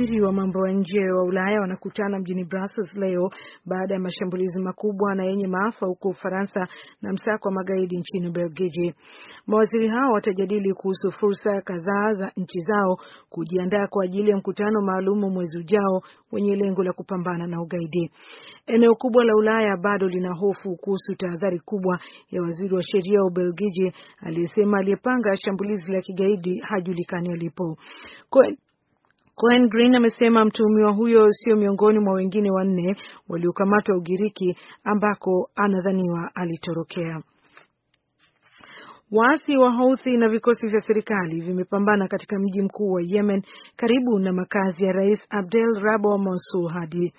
Mawaziri wa mambo ya nje wa Ulaya wanakutana mjini Brussels leo baada ya mashambulizi makubwa na yenye maafa huko Ufaransa na msako wa magaidi nchini Ubelgiji. Mawaziri hao watajadili kuhusu fursa kadhaa za nchi zao kujiandaa kwa ajili ya mkutano maalumu mwezi ujao wenye lengo la kupambana na ugaidi. Eneo kubwa la Ulaya bado lina hofu kuhusu tahadhari kubwa ya waziri wa sheria wa Ubelgiji aliyesema aliyepanga shambulizi la kigaidi hajulikani alipo. Cohen Green amesema mtuhumiwa huyo sio miongoni mwa wengine wanne waliokamatwa Ugiriki ambako anadhaniwa alitorokea. Waasi wa Houthi na vikosi vya serikali vimepambana katika mji mkuu wa Yemen karibu na makazi ya Rais Abdel Rabo Mansur Hadi.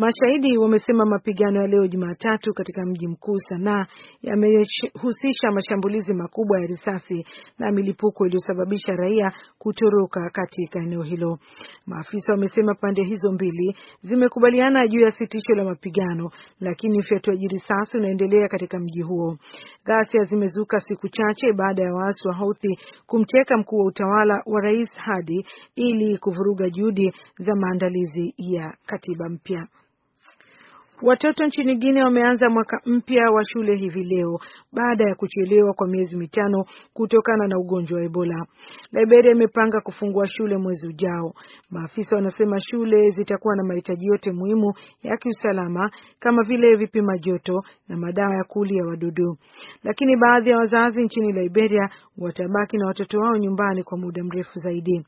Mashahidi wamesema mapigano ya leo Jumatatu katika mji mkuu Sanaa yamehusisha mashambulizi makubwa ya risasi na milipuko iliyosababisha raia kutoroka katika eneo hilo. Maafisa wamesema pande hizo mbili zimekubaliana juu ya sitisho la mapigano, lakini ufyatuaji risasi unaendelea katika mji huo. Ghasia zimezuka siku chache baada ya waasi wa Houthi kumteka mkuu wa utawala wa Rais Hadi ili kuvuruga juhudi za maandalizi ya katiba mpya. Watoto nchini Guinea wameanza mwaka mpya wa shule hivi leo baada ya kuchelewa kwa miezi mitano kutokana na ugonjwa wa Ebola. Liberia imepanga kufungua shule mwezi ujao. Maafisa wanasema shule zitakuwa na mahitaji yote muhimu ya kiusalama kama vile vipima joto na madawa ya kuulia wadudu, lakini baadhi ya wazazi nchini Liberia watabaki na watoto wao nyumbani kwa muda mrefu zaidi.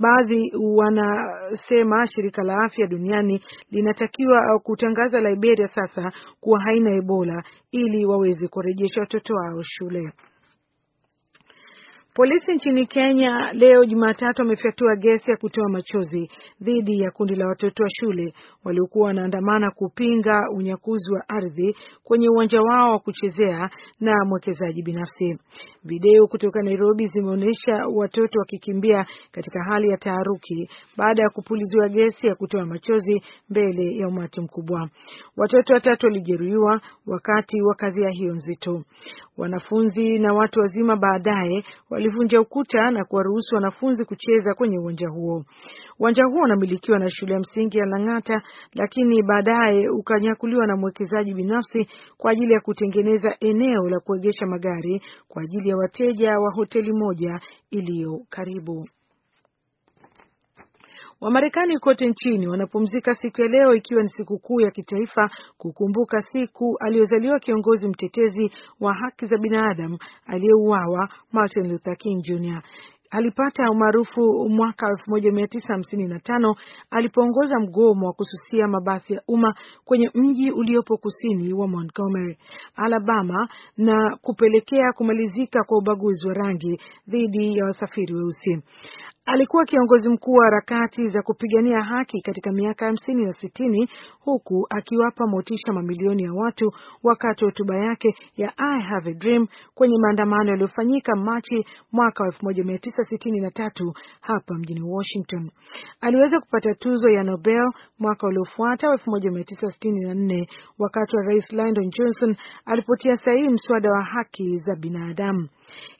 Baadhi wanasema shirika la afya duniani linatakiwa uh, kutangaza Liberia sasa kuwa haina Ebola ili waweze kurejesha watoto wao shule. Polisi nchini Kenya leo Jumatatu wamefyatua gesi ya kutoa machozi dhidi ya kundi la watoto wa shule waliokuwa wanaandamana kupinga unyakuzi wa ardhi kwenye uwanja wao wa kuchezea na mwekezaji binafsi. Video kutoka Nairobi zimeonyesha watoto wakikimbia katika hali ya taharuki baada ya kupuliziwa gesi ya kutoa machozi mbele ya umati mkubwa. Watoto watatu walijeruhiwa wakati wa kadhia hiyo nzito. Wanafunzi na watu wazima baadaye wali ilivunja ukuta na kuwaruhusu wanafunzi kucheza kwenye uwanja huo. Uwanja huo unamilikiwa na shule ya msingi ya Lang'ata, lakini baadaye ukanyakuliwa na mwekezaji binafsi kwa ajili ya kutengeneza eneo la kuegesha magari kwa ajili ya wateja wa hoteli moja iliyo karibu. Wamarekani kote nchini wanapumzika siku ya leo ikiwa ni siku kuu ya kitaifa kukumbuka siku aliyozaliwa kiongozi mtetezi wa haki za binadamu aliyeuawa Martin Luther King Jr. Alipata umaarufu mwaka 1955 alipoongoza mgomo wa kususia mabasi ya umma kwenye mji uliopo kusini wa Montgomery, Alabama na kupelekea kumalizika kwa ubaguzi wa rangi dhidi ya wasafiri weusi. Alikuwa kiongozi mkuu wa harakati za kupigania haki katika miaka hamsini na sitini huku akiwapa motisha mamilioni ya watu wakati wa hotuba yake ya I Have a Dream kwenye maandamano yaliyofanyika Machi mwaka wa 1963 hapa mjini Washington. Aliweza kupata tuzo ya Nobel mwaka uliofuata wa wakati wa Rais Lyndon Johnson alipotia sahihi mswada wa haki za binadamu.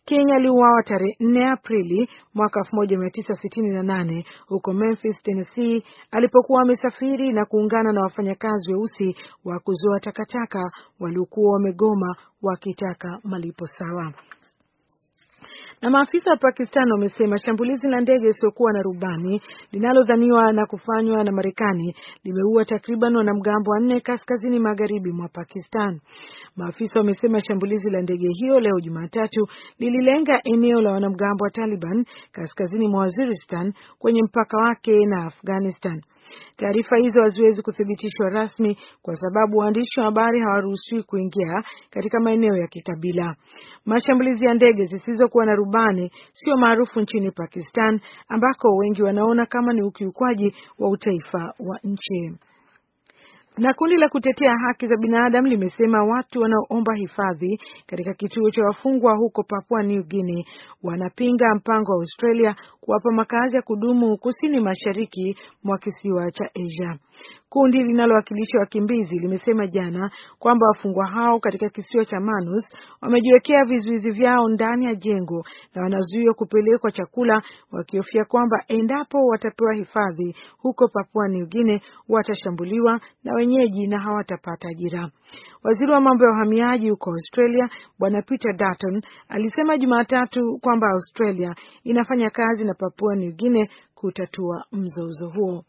King aliuawa tarehe 4 Aprili mwaka 1968 huko Memphis, Tennessee, alipokuwa amesafiri na kuungana na wafanyakazi weusi wa kuzoa takataka waliokuwa wamegoma wakitaka malipo sawa na maafisa wa Pakistan wamesema shambulizi la ndege isiyokuwa na rubani linalodhaniwa na kufanywa na Marekani limeua takriban wanamgambo wanne kaskazini magharibi mwa Pakistan. Maafisa wamesema shambulizi la ndege hiyo leo Jumatatu lililenga eneo la wanamgambo wa Taliban kaskazini mwa Waziristan kwenye mpaka wake na Afghanistan. Taarifa hizo haziwezi kuthibitishwa rasmi kwa sababu waandishi wa habari hawaruhusiwi kuingia katika maeneo ya kikabila. Mashambulizi ya ndege zisizokuwa na rubani sio maarufu nchini Pakistan ambako wengi wanaona kama ni ukiukwaji wa utaifa wa nchi. Na kundi la kutetea haki za binadamu limesema watu wanaoomba hifadhi katika kituo cha wafungwa huko Papua New Guinea wanapinga mpango wa Australia kuwapa makazi ya kudumu kusini mashariki mwa kisiwa cha Asia. Kundi linalowakilisha wakimbizi limesema jana kwamba wafungwa hao katika kisiwa cha Manus wamejiwekea vizuizi vyao ndani ya jengo na wanazuiwa kupelekwa chakula, wakihofia kwamba endapo watapewa hifadhi huko Papua New Guinea watashambuliwa na wenye wenyeji na hawatapata ajira. Waziri wa mambo ya uhamiaji huko Australia Bwana Peter Dutton alisema Jumatatu kwamba Australia inafanya kazi na Papua New Guinea kutatua mzozo huo.